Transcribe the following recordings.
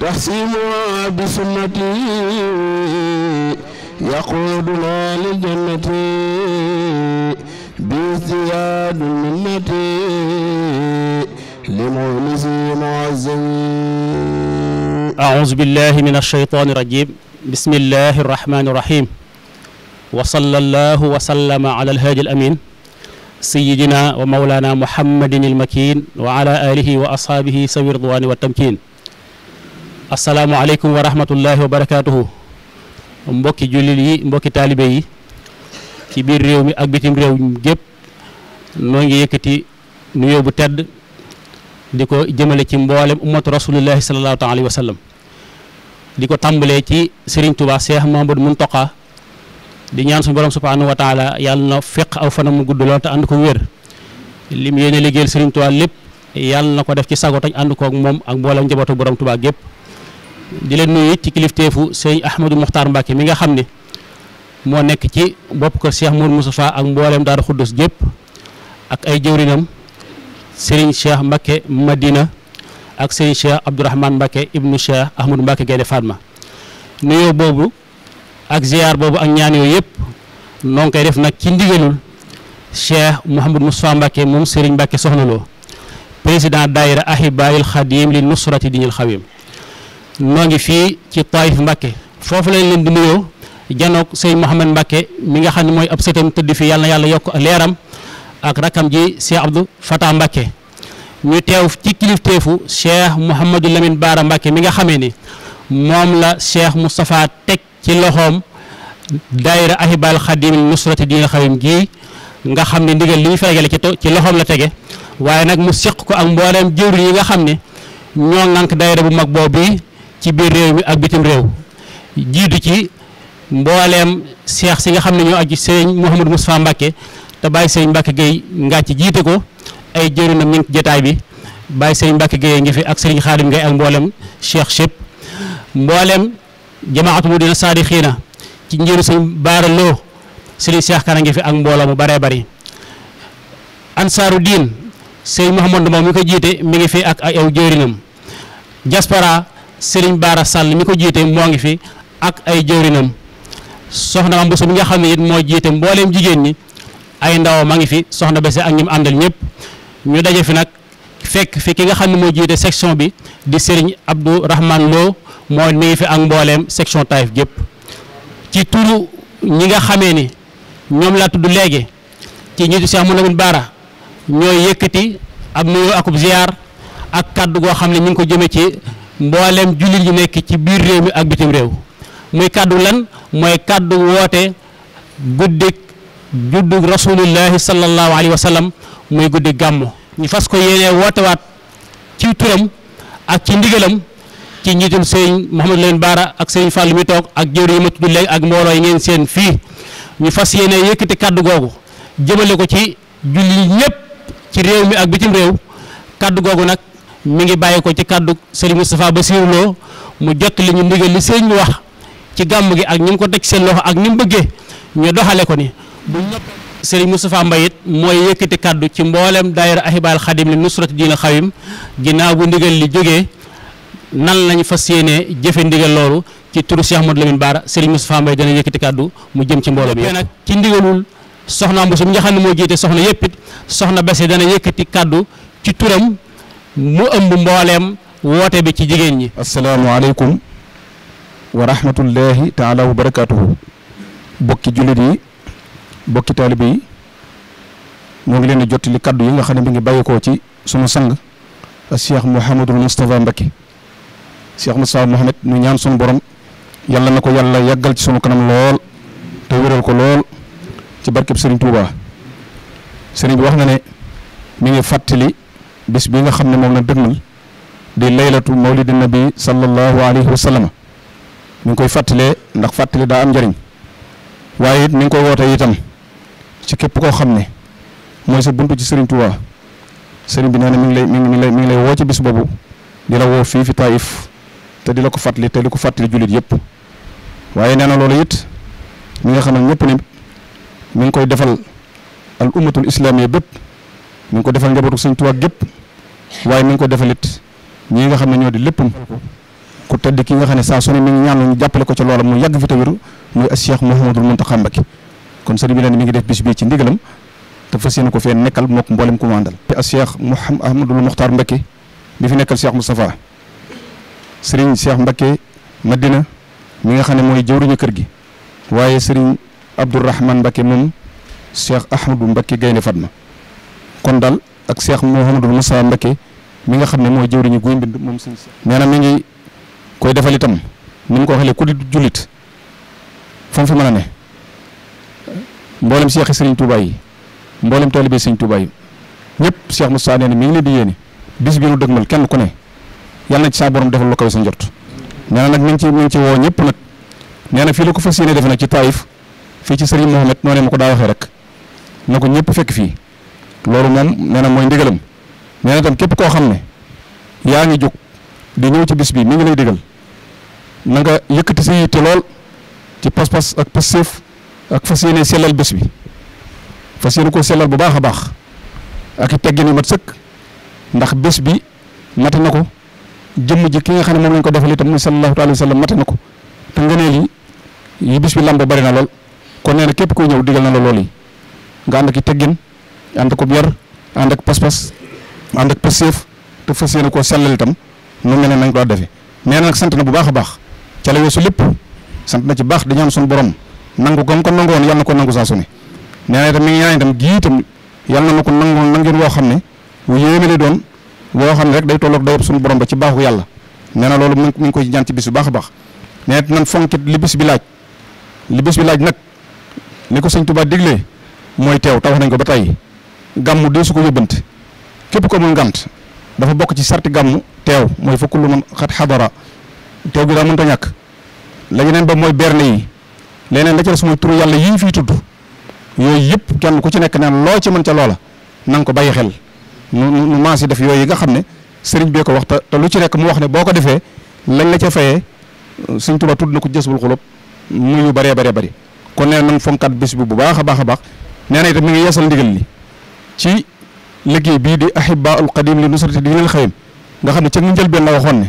تحسيمها بسنتي يقودنا للجنة بازدياد المنة لمؤنس معزي أعوذ بالله من الشيطان الرجيم بسم الله الرحمن الرحيم وصلى الله وسلم على الهادي الأمين سيدنا ومولانا محمد المكين وعلى آله وأصحابه سوي الرضوان والتمكين asalaamualeykum wa rahmatullahi wa barakaatuhu mbokki jullit yi mbokki taalibe yi ci biir réew mi ak bitim réew gépp noo ngi yëkkati nuyoo bu tedd di ko jëmale ci mboolem ummatu rasulillahi sallallahu alayhi wa sallam di ko tàmbalee ci Serigne Touba Cheikh Mamadou Mountakha di ñaan suñu borom subhanahu wa taala yàlla na feq aw fana mu gudd lool te ànd ko wér lim yéene liggéeyal Serigne Touba lépp yàlla na ko def ci sago tañ ànd koog moom ak mboolem njabootu borom Touba gépp di leen nuyu ci kilifteefu sëñ Ahmadou Mokhtar Mbacke mi nga xam ne moo nekk ci bopp ko Cheikh Mour Moustapha ak mbooleem Daaru Xuddus gépp ak ay jëwrinam sëriñ Cheikh Mbacke Madina ak sëriñ Cheikh Abdourahmane Mbacke ibnu Cheikh Ahmadou Mbacke Gaynde Fatma nuyoo boobu ak ziar boobu ak ñaan yooyu yëpp noo ngi koy def nag ci ndigalul Cheikh Mouhamadou Moustapha Mbacke moom sëriñ Mbacke soxna loo président daayira ahibayil xadim li nusrati dinil xawim noo ngi fii ci Taif Mbacke foofu lañ leen di nuyoo janoog sëñ Mouhamed Mbacke mi nga xam ne mooy ab sëtam tëdd fi yàlla yàlla yokk leeram ak rakkam ji Cheikh Abdou Fatah Mbacke ñu teew ci kilifteefu Cheikh Mouhamadou Lamine Baara Mbacke mi nga xamee ni moom la Cheikh Moustapha teg ci loxoom daayira ahibal xadimil nusrati diinal xawim gi nga xam ne ndigal li ñu feregale ci ci loxoom la tege waaye nag mu seq ko ak mbooleem jëwriñ yi nga xam ne ñoo ŋànk daayira bu mag boobu ci biir réew mi ak bitim réew jiitu ci mbooleem seex si nga xam ne ñoo aju sëriñ Mouhamadou Moustapha Mbacke te bàyyi sëriñ Mbacke Gueye ci jiite ko ay jëriñ na mi bi bàyyi sëriñ Mbacke Gueye ngi fi ak sëriñ Xaadim Gueye ak cheikh chep mboolem jamaatu mu dina saadi xiina ci njëriñ sëriñ Baara Lo sëriñ Cheikh Kana ngi fi ak mbooloo mu baree bari ansaaru diin sëriñ Mouhamadou ma mi ko jiite mi ngi fi ak ay aw jëriñam diaspora sëriñ baara Sall mi ko jiite moo ngi fi ak ay jëwrinam soxna Mame Bousso mi nga xam ne it moo jiite mbooleem jigéen ñi ay ndaw ma ngi fi soxna Bessé ak ñi mu àndal ñëpp ñu daje fi nag fekk fi ki nga xam ne moo jiite section bi di sëriñ Abdou Rahman Lo moo mi fi ak mbooleem section Taïf gépp ci turu ñi nga xamee ni ñoom laa tudd léegi ci ñiitu Cheikh Mouhamadou Bara ñooy yëkkati ab nuyoo akub ziar ak kàddu goo xam ne ñu ngi ko jëme ci mboolem jullit yi nekk ci biir réew mi ak bitim réew muy kàddu lan mooy kàddu woote guddik juddug rasulillahi sallallahu alayhi wa sallam muy guddi gàmmu ñu fas ko woote waat ci turam ak ci ndigalam ci njiitum sëñ Mouhamadou Lamine Bara ak sëñ Fallou mi toog ak jëwri yi ma tudd léegi ak mbooloo yi ngeen seen fii ñu fas yéene yëkkati kàddu googu jëmale ko ci julli ñëpp ci réew mi ak bitim réew kàddu googu nag mi ngi bàyyi ko ci kàddu sëriñ Moustapha Bassirou Lo mu jot li ñu ndigal li mi wax ci gàmm gi ak ni mu ko teg seen loxo ak ni mu bëggee ñu doxale ko ni bu ñëpp sëriñ Moustapha Mbaye it mooy yëkkati kàddu ci mboolem daayira ahibaal xadim li nusrati diina xawim ginnaaw bu ndigal li jógee nan lañu fas yéenee jëfe ndigal loolu ci turu Cheikh Modou Lamine Bara sëriñ Moustapha Mbaye dana yëkkati kàddu mu jëm ci mbooloo mi nag ci ndigalul soxna mbosum nga xam ne moo jiite soxna yëpp it soxna Bassé dana yëkkati kàddu ci turam mu ëmb mbooleem woote bi ci jigéen ñi asalaamaaleykum wa rahmatullahi taala wa barakaatuhu bokki jullit yi bokki taalibe yi moo ngi leen di jottali kaddu yi nga xam ne mi ngi bàyyikoo ci sunu sang Cheikh Mouhamadul Moustapha Mbacké Cheikh Moustapha Mohamed ñu ñaan sunu borom yàlla na ko yàlla yàggal ci sunu kanam lool te wéral ko lool ci barkeb Serigne Touba Serigne bi wax na ne mi ngi fàttali bis bi nga xam ne moom la dëgmal di laylatu mawlidi nabi sallallahu alayhi wa sallam ñu ngi koy fàttalee ndax fàttali daa am njariñ waaye it ñu ngi koy woote itam ci képp koo xam ne mooy sa buntu ci Serigne Touba bi nee na mi ngi lay mi ngi lay mi ngi lay woo ci bis boobu di la woo fii fi Taïf te di la ko fàttali te di ko fàttali jullit yëpp waaye nee na loolu it mi nga xam ne ñëpp mu ngi koy defal al ummatul islamiyya bépp. mu ngi ko defal njabootu Sëñ Tuubaa gépp waaye mi ngi ko defalit ñii nga xam ne ñoo di léppam ku tedd ki nga xam ne saa su ne mi ñaan ñu jàppale ko ci loola mu yàgg fi te wéru muy Cheikh Mouhamadul Mountakha Mbacké kon sëriñ bi leen mi ngi def bis bii ci ndigalam te fas yéene ko fee nekkal mook mboolem ku mu àndal Cheikh Mouhamed Ahmadul Mokhtar Mbacké bi fi nekkal Cheikh Moustapha sëriñ Cheikh Mbacké Madina mi nga xam ne mooy jëwriñu kër gi waaye sëriñ Abdourahman Mbacké moom Cheikh Ahmadou Mbacké Gaynde Fatma kon daal ak Cheikh Mouhamadou Moussa Mbacke mi nga xam ne mooy jëwriñu guy mbind moom sëñ Cheikh nee na mi ngi koy defal itam ni mu ko waxee ku di jullit fa mu fi mën a ne mboolem Cheikh Serigne Touba yi mboolem taalibe Serigne Touba yi ñëpp Cheikh Moussa saa na mi ngi leen di yéene bis bi nu dëgmal kenn ku ne yàlla na saa borom defal lu kawe sa njort nee na nag mi ngi ci mu ngi ci woo ñëpp nag nee na fii la ko fas yéene def nag ci Taïf fii ci Serigne Mohamed noonee ma ko daa waxee rek na ko ñëpp fekk fii. loolu moom nee mooy ndigalam nee na tam képp koo xam ne yaa ngi jóg di ñëw ci bis bi mi ngi lay digal na nga yëkkati sa yitte lool ci pas-pas ak pas-seef ak fas yéene sellal bés bi fas yéene ko sellal bu baax a baax ak i teggin yu mat sëkk ndax bés bi mate ko jëmm ji ki nga xam ne moom lañ ko defal itam muy sallallahu alayhi wa sallam ko te ngëneel yi yi bis bi lamb bari na lool kon nee na képp kuy ñëw digal na la lool yi nga ànd ak i teggin ànd ko yar ànd ak pas-pas ànd ak passeef te fas yéene koo sellal tam nu mel ne nañ ko defe nee nag sant na bu baax a baax ca la weesu lépp sant na ci baax di suñu borom nangu ko ko nangu woon yàlla na ko nangu saa su ne nee na itam mi ngi ñaan itam gii ko nangu nangeen xam ne wu yéeme lay doon woo xam ne rek day tolloog suñu borom ba ci baaxu yàlla nee na loolu mi ngi koy ñaan ci bis bu baax a baax nee na nan fonkit li bis bi laaj li bis bi laaj nag ni ko sëñ Tuubaa diglee mooy teew taw nañ ko ba tey gàmmu dee su ko yóbbante képp ko mën ngànt dafa bokk ci sarti gàmmu teew mooy fukk lu mën xat xadara teew gi daa mënta ñàkk la yeneen ba mooy berne yi leneen la ca des mooy turu yàlla yii fii tudd yooyu yëpp kenn ku ci nekk neen loo ci mën ca loola na ko bàyyi xel nu nu maas yi def yooyu nga xam ne sëriñ bee ko wax te lu ci nekk mu wax ne boo ko defee lañ la ca fayee suñ Tuubaa tudd na ko jës jësbul xulub muy yu baree bëree bëri kon nee nañ fonkat bis bi bu baax a baax a baax nee na itam ngi yeesal ndigal li ci liggéey bii di ahibaul qadim li nusrati diinil xayim nga xam ne ca njëlbeen la waxoon ne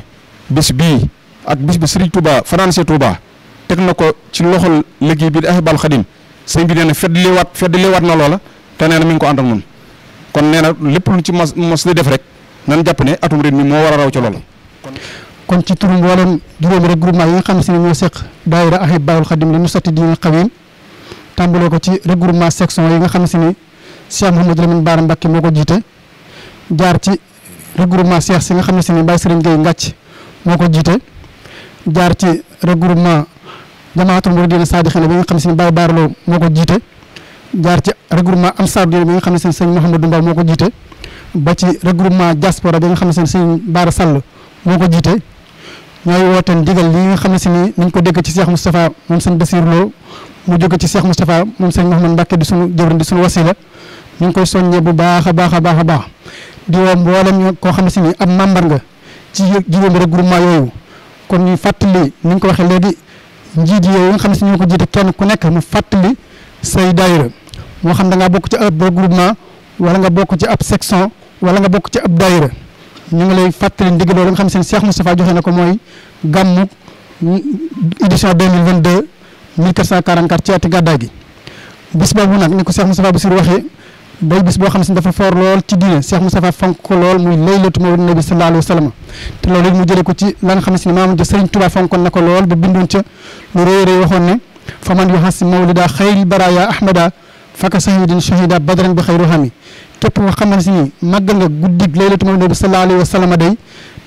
bés bii ak bés bi Serigne Touba fanaanse Touba teg na ko ci loxol liggéey bii di ahibaul qadim sëñ bi nee na fedd liwaat fedd liwaat na loola te nee na mi ngi ko àndal moom kon nee na lépp lu ci mos mos di def rek nan jàpp ne atum ren mi moo war a raw ci loola. kon ci turu mboolem juróomi rek groupement yi nga xam si ne ñoo seq daayira ahibaul qadim li nusrati diinil xayim tàmbale ko ci regroupement section yi nga xam si ne Cheikh Mouhamadou Lamine Bara Mbacké moo ko jiite jaar ci regroupement Cheikh si nga xam ne si ne Baye Serigne Gueye Ngàcc moo ko jiite jaar ci regroupement Jamaatul Mouridina Saadixina bi nga xam ne si ne Baye Barlo moo ko jiite jaar ci regroupement bi nga xam ne si ne sëñ Mouhamadou Mbaw moo ko jiite ba ci regroupement diaspora nga xam ne si ne sëñ Bara Sall moo ko jiite ñooy woote ndigal li nga xam ne si ni nañ ko dégg ci Cheikh Moustapha moom sëñ Basir Lo mu jóge ci Cheikh Moustapha moom sëñ Mouhamadou Mbacké di sunu jëwriñ di sunu wasila ñu ngi koy soññee bu baax a baax a baax a baax di woo mboolem ñu koo xam ne si ni ab membre nga ci juróomi regroupement yooyu kon ñuy fàttali ni ñu ko waxee léegi njiit yooyu nga xam si ñoo ko jiite kenn ku nekk mu fàttali say daayira moo xam da ngaa bokk ci ab regroupement wala nga bokk ci ab section wala nga bokk ci ab daayira ñu ngi lay fàttali ndigal loolu nga xam si ne Cheikh Moustapha joxe na ko mooy gàmmu édition 2022 1444 ci ati gàddaay gi bis boobu nag ni ko Cheikh Moustapha Bassirou waxee day bis boo xam si dafa foor lool ci diine Cheikh Moustapha fonk ko lool muy laylatu mawlid nabi sallallahu alayhi wa sallam loolu mu jëlee ko ci la nga xam si ne maam ja Sëriñ Tuubaa na ko lool ba bindoon ca lu rëy rëy waxoon ne fa man yoxasi mawlida xayril baraya ahmada faka sahidin shahida badran bi xayru hami képp koo xam si ni màggal nga guddig laylatu mawlid nabi sallallahu alayhi wa sallam day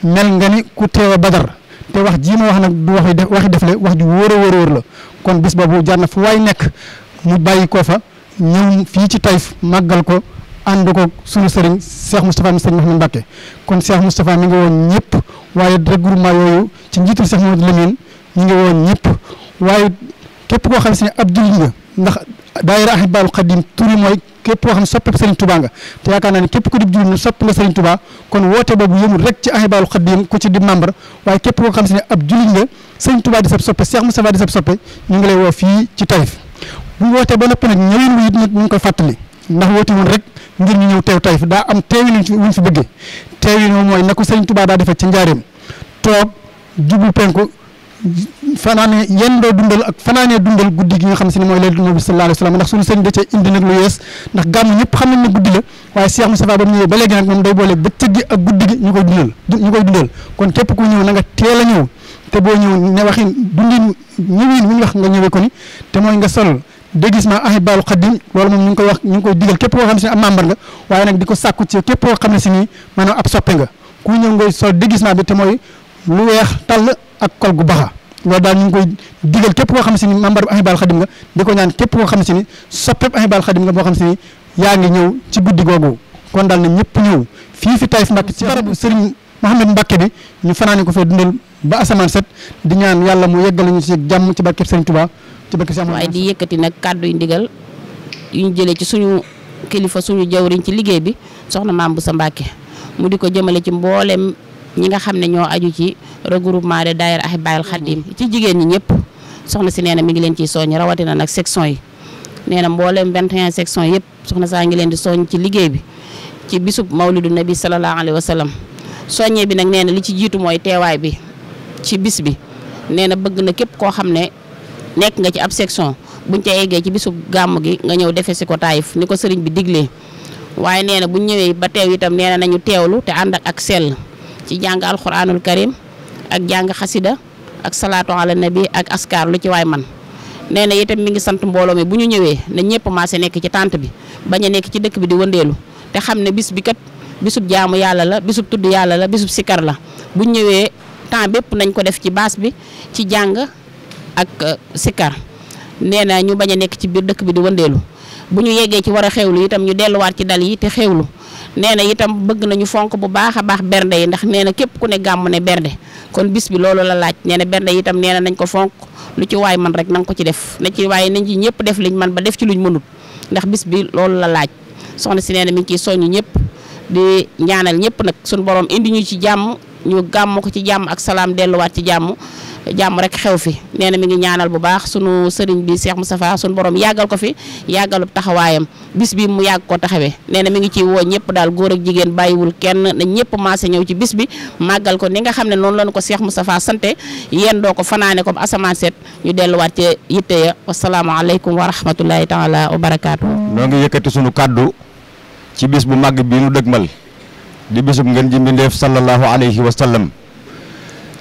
mel nga ni ku teew a badar te wax jii ma wax nag du waxi def waxi def le wax ju wóor a wóor a wóor la kon bis boobu jar na fu waay nekk mu bàyyi koo fa ñëw fii ci Taïf màggal ko ànd ko sunu sëriñ Cheikh Moustapha mi sëriñ Mouhamed Mbacké kon Cheikh Moustapha mi ngi woon ñëpp waaye regroupement yooyu ci njiitul Cheikh Mouhamed Lamine ñu ngi woon ñëpp waaye képp koo xam si ne ab jullit nga ndax daayira Ahibahil Khadim turi mooy képp koo xam soppeb Serigne Touba nga te yaakaar naa ne képp ku di jullit nga sopp nga Serigne Touba kon woote boobu yëmul rek ci Ahibahil Khadim ku ci di membre waaye képp koo xam si ne ab jullit nga Serigne Touba di sab soppe Cheikh Moustapha di sab soppe ñu ngi lay woo fii ci Taïf bu wootee ba noppi nag ñëwin wi it fàttali ndax woote woon rek ngir ñu ñëw teew tay fi daa am teewin wuñ fi bëggee teewin moom mooy na ko sëriñ Tuubaa daa defee ci njaareem toog jublu penku fanaane yenn doo dundal ak fanaanee dundal guddi gi nga xam si ne mooy laylatul nabi sallallahu alayhi wasallam ndax da cee indi nag lu yees ndax gàmm ne guddi la waaye Cheikh Moustapha ba mu ba léegi nag day boole bëccëg gi ak guddi gi ñu koy dundal ñu koy dundal kon képp ku ñëw na nga teel a ñëw te boo ñëw ne waxin dundin ñëwin wu ñu wax nga ñëwe ko ni te mooy nga sol de gis ma ahibaalu xaddim loolu moom ñu ngi koy wax ñu ngi koy digal képp koo xam ne si am membre nga waaye nag di ko sàkku ci képp koo xam ne si nii maanaam ab soppe nga ku ñëw ngay sol déguisement bi te mooy lu weex tàll ak kol gu baxa loolu daal ñu ngi koy digal képp koo xam ne si ni membre bu ahibaalu xadim nga di ko ñaan képp koo xam si ni soppeeb ahibaalu xadim nga boo xam si ni yaa ngi ñëw ci guddi googu kon daal na ñëpp ñëw fii fi Taïf Mbàkke ci barabu Sëriñ Mouhamed Mbàkke bi ñu fanaani ko fee dundal ba asamaan set di ñaan yàlla mu yeggal ñu ci jàmm ci barkeb Sëriñ Tuubaa waaye di yëkkati nag kàddu yu ndigal yu ñu jëlee ci suñu kilifa suñu jawriñ ci liggéey bi soxna maam bu sa Mbàkke mu di ko jëmale ci mbooleem ñi nga xam ne ñoo aju ci regroupement de daayira Ahibaahil Khadim mm-hmm. ci jigéen ñi ñëpp soxna si nee na mi ngi leen ciy soññ rawatina nag section yi nee na mboolem 21 section yëpp soxna saa ngi leen di soññ ci liggéey bi ci bisub mawlidu nabi sallallahu alayhi wa soññee bi nag nee na li ci jiitu mooy teewaay bi ci nekk nga ci ab section buñ ca eggee ci bisub gàmm gi nga ñëw defe si ko taayif ni ko sëriñ bi diglee waaye nee na buñ ñëwee ba teew itam nee nañu teewlu te ànd ak ak sell ci jàng alxuraanul karim ak jàng xasida ak salaatu ala nabi ak askaar lu ci waaye man nee na itam mi ngi sant mbooloo mi bu ñu ñëwee na ñëpp maase nekk ci tànt bi bañ a nekk ci dëkk bi di wëndeelu te xam ne bis bi kat bisub jaamu yàlla la bisub tudd yàlla la bisub sikar la bu ñëwee temps bépp nañ ko def ci baas bi ci jàng ak euh, sikar nee na ñu bañ a nekk ci biir dëkk bi di wëndeelu bu ñu yeggee ci war a xewlu itam ñu delluwaat ci dal yi te xewlu nee na itam bëgg nañu fonk bu baax a baax bernde yi ndax nee na képp ku ne gàmmu ne bernde kon bis bi loolu la laaj nee na bernde yi itam nee na nañ ko fonk lu ci waay man rek na ko ci def na ci waay nañ ci ñëpp def liñ man ba def ci luñ mënut ndax bis bi loolu la laaj soxna si nee na mi ngi ciy soññu ñëpp di ñaanal ñëpp nag suñu borom indi ñu ci jàmm ñu gàmm ko ci jàmm ak salaam delluwaat ci jàmm jàmm rek xew fi nee na mi ngi ñaanal bu baax sunu sëriñ bi Cheikh Moustapha sunu borom yàggal ko fi yàggalub taxawaayam bis bi mu yàgg ko taxawee nee na mi ngi ciy woo ñëpp daal góor ak jigéen bàyyiwul kenn na ñëpp maase ñëw ci bis bi màggal ko ni nga xam ne noonu lañu ko Cheikh Moustapha sante yéen doo ko fanaane ko asamaan seet ñu delluwaat ci yitte ya wasalaamaaleykum wa rahmatulahi taala wa barakaatu. noo ngi yëkkati kàddu ci bis bu màgg bi nu dëgmal. di bisub ngeen ji mbindeef sallallahu alayhi wa sallam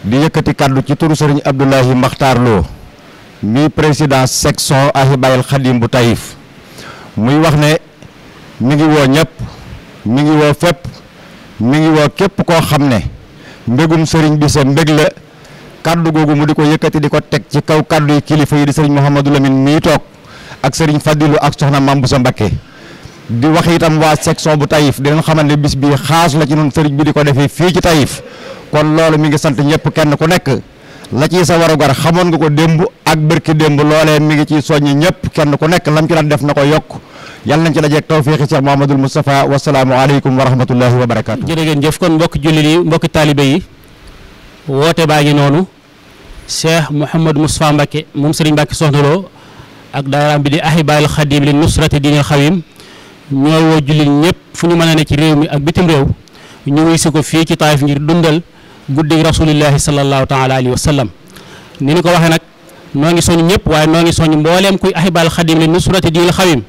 di yëkkati kàddu ci turu sëriñ Abdoulahi Makhtar Lo mi président section Ahibaahil Khadim bu Taïf muy wax ne mi ngi woo ñëpp mi ngi woo fépp mi ngi woo képp koo xam ne mbégum sëriñ bi sa mbég la kàddu googu mu di ko yëkkati di ko teg ci kaw kàddu yi kilifa yi di sëriñ Mouhamadou Lamine mii toog ak sëriñ Fadilou ak soxna Mame Bousso Mbacké di wax itam waa section bu Taïf di leen xamal ne bis bi xaas la ci noonu sëriñ bi di ko defee fii ci Taïf kon loolu mi ngi sant ñëpp kenn ku nekk la ciy sa warugar xamoon nga ko démb ak bërki démb loolee mi ngi ciy soññi ñëpp kenn ku nekk lam ci daan def na ko yokk yàlla nañ ci dajeeg tawfiixi Cheikh Mouhamadoul Moustapha wasalaamualeykum wa rahmatullahi wa barakaatu. jërë ngeen jëf kon mbokki jullit yi mbokki taalibe yi woote baa ngi noonu Cheikh Mouhamadou Moustapha Mbacke moom Serigne Mbacke soxna Lo ak daaraam bi di Ahibaahil Xadim li nusrati diinil xawim ñoo woo jullit ñëpp fu ñu mën a ne ci réew mi ak bitim réew ñu wuy si ko fii ci taayif ngir dundal guddig rasulillahi sallallahu taala alayhi wa sallam ni ñu ko waxee nag noo ngi soñ ñëpp waaye noo ngi soñ mbooleem kuy ahibal xadim li nusrati diil xawim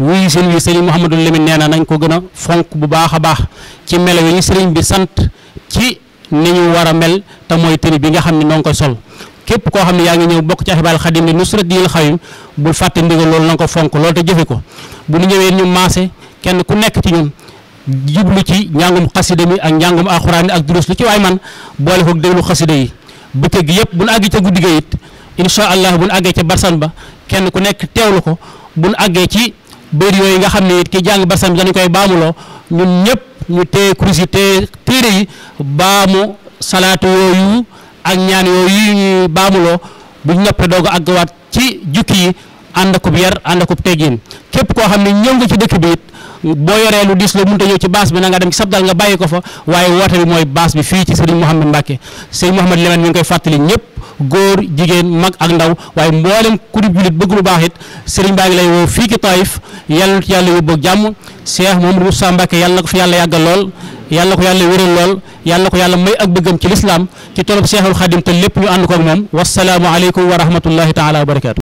wuy seen wi sëriñ Mouhamadou Lamine nee na nañ ko gën a fonk bu baax a baax ci melo yi sëriñ bi sant ci ni ñu war a mel te mooy tëri bi nga xam ni noo ngi koy sol képp koo xam ne yaa ngi ñëw bokk ci ahibaal xadim li nusrat diinil xawim bul fàtte ndigal loolu na ko fonk loolu te jëfe ko bu ñu ñëwee ñu maase kenn ku nekk ci ñun jublu ci njàngum xasida mi ak njàngum alxuraan ak durus lu ci waay man boole ko déglu xasida yi bëccëg yëpp bu ñu àggee ca guddi ga it incha allah bu ñu àggee ca barsan ba kenn ku nekk teewlu ko bu ñu àggee ci bëri yi nga xam ne it ki jàng barsan bi dañu koy baamuloo ñun ñëpp ñu téye kurus yi téye téere yi baamu salaatu ak ñaan yooyu ñuy baamuloo bu ñu noppee doog a àggawaat ci jukki yi ànd akub yar ànd akub teggin lépp koo xam ne ñëw nga ci dëkk bi boo yoree lu diis la mënut a ñëw ci baas bi na nga dem ci sabdal nga bàyyi ko fa waaye woote bi mooy baas bi fii ci sëriñ Mouhamed Mbacke sëriñ Mouhamed Lemane mi ngi koy fàttali ñëpp góor jigéen mag ak ndaw waaye mboolem ku di jullit bëgg lu baax it sëriñ baa ngi lay woo fii ci Taïf yàlla ci yàlla yóbbu jàmm Cheikh Mamadou Moussa Mbacke yàlla ko fi yàlla yàggal lool yàlla ko yàlla wéral lool yàlla ko yàlla may ak bëggam ci lislaam ci tolop Cheikhul Khadim te lépp ñu ànd ko ak moom wasalaamu aleykum wa rahmatullahi taala wa barakaatu